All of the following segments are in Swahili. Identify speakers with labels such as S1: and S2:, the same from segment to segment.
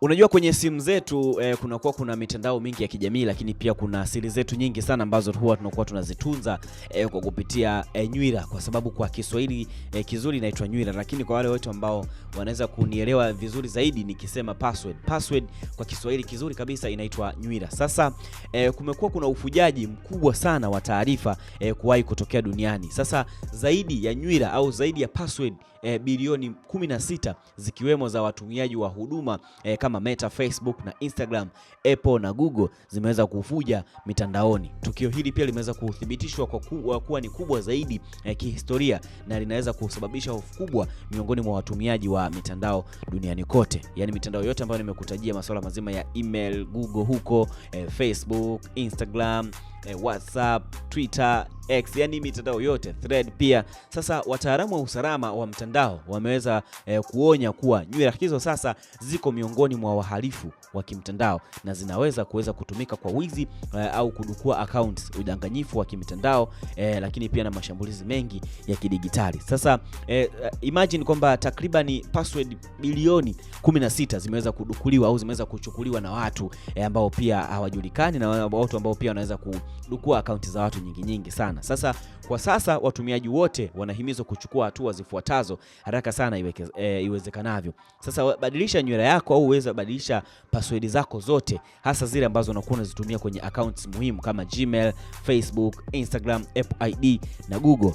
S1: Unajua kwenye simu zetu eh, kunakuwa kuna mitandao mingi ya kijamii lakini pia kuna siri zetu nyingi sana ambazo huwa tunakuwa tunazitunza eh, kwa kupitia eh, nywira kwa sababu kwa Kiswahili eh, kizuri inaitwa nywira, lakini kwa wale wote ambao wanaweza kunielewa vizuri zaidi nikisema password. Password kwa Kiswahili kizuri kabisa inaitwa nywira. Sasa eh, kumekuwa kuna ufujaji mkubwa sana wa taarifa eh, kuwahi kutokea duniani. Sasa zaidi ya nywira au zaidi ya password e, bilioni 16 zikiwemo za watumiaji wa huduma e, kama Meta, Facebook na Instagram, Apple na Google zimeweza kuvuja mitandaoni. Tukio hili pia limeweza kuthibitishwa kwa kuwa, kuwa ni kubwa zaidi e, kihistoria na linaweza kusababisha hofu kubwa miongoni mwa watumiaji wa mitandao duniani kote, yaani mitandao yote ambayo nimekutajia, masuala mazima ya email, Google huko e, Facebook, Instagram eh, WhatsApp, Twitter, X, yani mitandao yote thread pia. Sasa wataalamu wa usalama wa mtandao wameweza eh, kuonya kuwa nywila hizo sasa ziko miongoni mwa wahalifu wa kimtandao na zinaweza kuweza kutumika kwa wizi eh, au kudukua accounts, udanganyifu wa kimtandao eh, lakini pia na mashambulizi mengi ya kidigitali. Sasa eh, eh imagine kwamba takribani password bilioni 16 zimeweza kudukuliwa au zimeweza kuchukuliwa na watu eh, ambao pia hawajulikani na watu ambao pia wanaweza ku kudukua akaunti za watu nyingi nyingi sana. Sasa kwa sasa watumiaji wote wanahimizwa kuchukua hatua zifuatazo haraka sana iweke, e, iwezekanavyo. Sasa badilisha nywira yako au uweze badilisha password zako zote, hasa zile ambazo unakuwa unazitumia kwenye accounts muhimu kama Gmail, Facebook, Instagram, Apple ID na Google.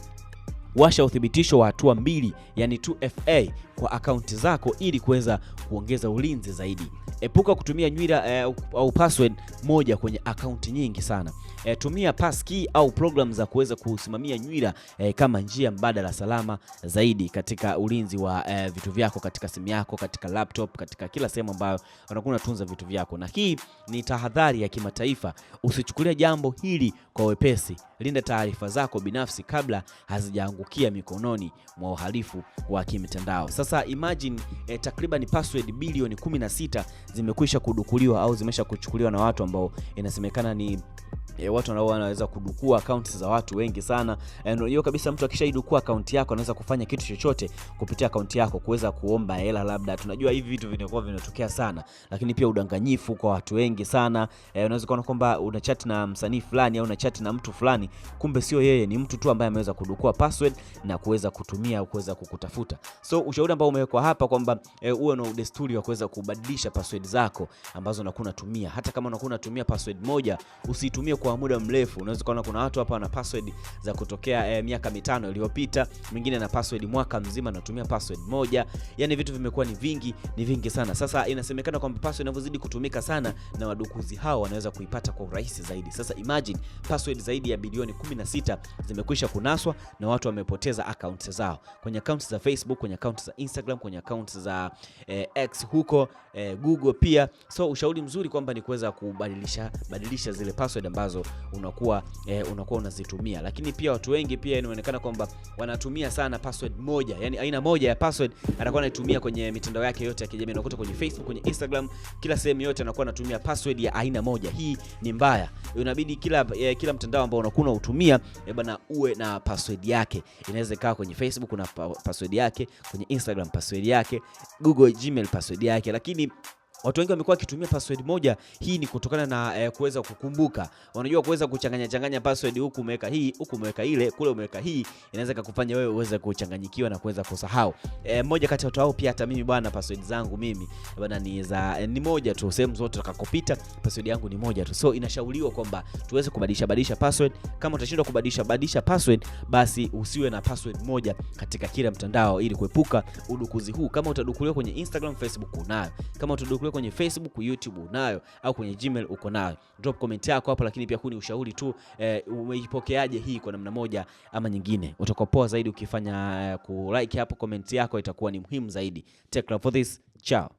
S1: Washa uthibitisho wa hatua mbili yani 2FA kwa akaunti zako ili kuweza kuongeza ulinzi zaidi. Epuka kutumia nywira eh, au password moja kwenye akaunti nyingi sana. Eh, tumia passkey au program za kuweza kusimamia nywila eh, kama njia mbadala salama zaidi katika ulinzi wa eh, vitu vyako katika simu yako, katika laptop, katika kila sehemu ambayo unakuwa unatunza vitu vyako. Na hii ni tahadhari ya kimataifa. Usichukulia jambo hili kwa wepesi. Linda taarifa zako binafsi kabla hazijaangukia mikononi mwa uhalifu wa kimitandao. Sasa imagine eh, takriban password bilioni 16 zimekwisha kudukuliwa au zimesha kuchukuliwa na watu ambao inasemekana ni E, watu wanaweza kudukua akaunti za watu wengi sana. Unajua eh, kabisa mtu akishaidukua akaunti yako anaweza kufanya kitu chochote kupitia akaunti yako, kuweza kuomba hela labda. Tunajua hivi vitu vinakuwa vinatokea sana, lakini pia udanganyifu kwa watu wengi sana. E, unaweza kuona kwamba una chat na msanii fulani au una chat na mtu fulani, kumbe sio yeye, ni mtu tu ambaye ameweza kudukua password na kuweza kutumia au kuweza kukutafuta. So ushauri ambao umewekwa hapa kwamba e, uwe na udesturi wa kuweza kubadilisha password zako ambazo unakuwa unatumia, hata kama unakuwa unatumia password moja usitumie unatumia kwa muda mrefu. Unaweza kuona kuna watu hapa wana password za kutokea eh, miaka mitano iliyopita, mwingine ana password mwaka mzima anatumia password moja. Yani vitu vimekuwa ni vingi, ni vingi sana. Sasa inasemekana kwamba password inavyozidi kutumika sana na wadukuzi hao wanaweza kuipata kwa urahisi zaidi. Sasa imagine password zaidi ya bilioni 16 zimekwisha kunaswa na watu wamepoteza accounts zao kwenye accounts za Facebook, kwenye accounts za Instagram, kwenye accounts za eh, X huko eh, Google pia. So ushauri mzuri kwamba ni kuweza kubadilisha badilisha zile password ambazo ambazo unakuwa eh, unakuwa unazitumia. Lakini pia watu wengi pia inaonekana kwamba wanatumia sana password moja, yani aina moja ya password anakuwa anaitumia kwenye mitandao yake yote ya kijamii. Unakuta kwenye Facebook, kwenye Instagram, kila sehemu yote anakuwa anatumia password ya aina moja. Hii ni mbaya, inabidi kila eh, kila mtandao ambao unakuwa unautumia eh, bana uwe na password yake. Inaweza ikawa kwenye Facebook una password yake, kwenye Instagram password yake, Google Gmail password yake, lakini Watu wengi wamekuwa wakitumia password moja. Hii ni kutokana na eh, kuweza kukumbuka. Wanajua kuweza kuchanganya changanya password, huku umeweka hii, huku umeweka ile, kule umeweka hii, inaweza kukufanya wewe uweze kuchanganyikiwa na kuweza kusahau. Eh, moja kati ya watu hao pia hata mimi bwana, password zangu mimi bwana ni za eh, ni moja tu, sehemu zote utakakopita password yangu ni moja tu. So inashauriwa kwamba tuweze kubadilisha badilisha password. Kama utashindwa kubadilisha badilisha password, basi usiwe na password moja katika kila mtandao ili kuepuka udukuzi huu. Kama utadukuliwa kwenye Instagram, Facebook unayo. Kama utadukuliwa kwenye Facebook, YouTube unayo au kwenye Gmail uko nayo. Drop comment yako hapo, lakini pia huu ni ushauri tu eh, umeipokeaje hii kwa namna moja ama nyingine. Utakuwa poa zaidi ukifanya eh, ku like hapo, comment yako itakuwa ni muhimu zaidi. Take care for this. Ciao.